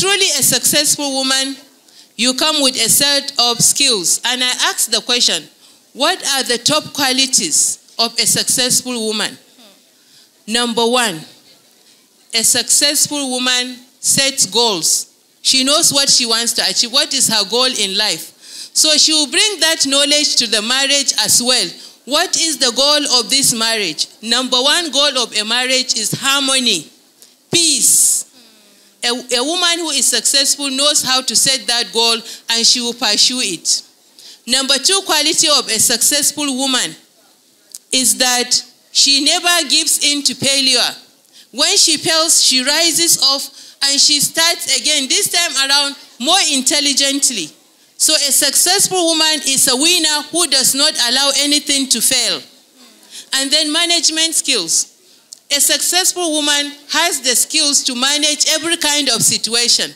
truly a successful woman, you come with a set of skills. And I ask the question, what are the top qualities of a successful woman? Number one, a successful woman sets goals. She knows what she wants to achieve, what is her goal in life. So she will bring that knowledge to the marriage as well. What is the goal of this marriage? Number one goal of a marriage is harmony, peace, a, a woman who is successful knows how to set that goal and she will pursue it. Number two quality of a successful woman is that she never gives in to failure. When she fails, she rises off and she starts again, this time around more intelligently. So a successful woman is a winner who does not allow anything to fail. And then management skills. A successful woman has the skills to manage every kind of situation.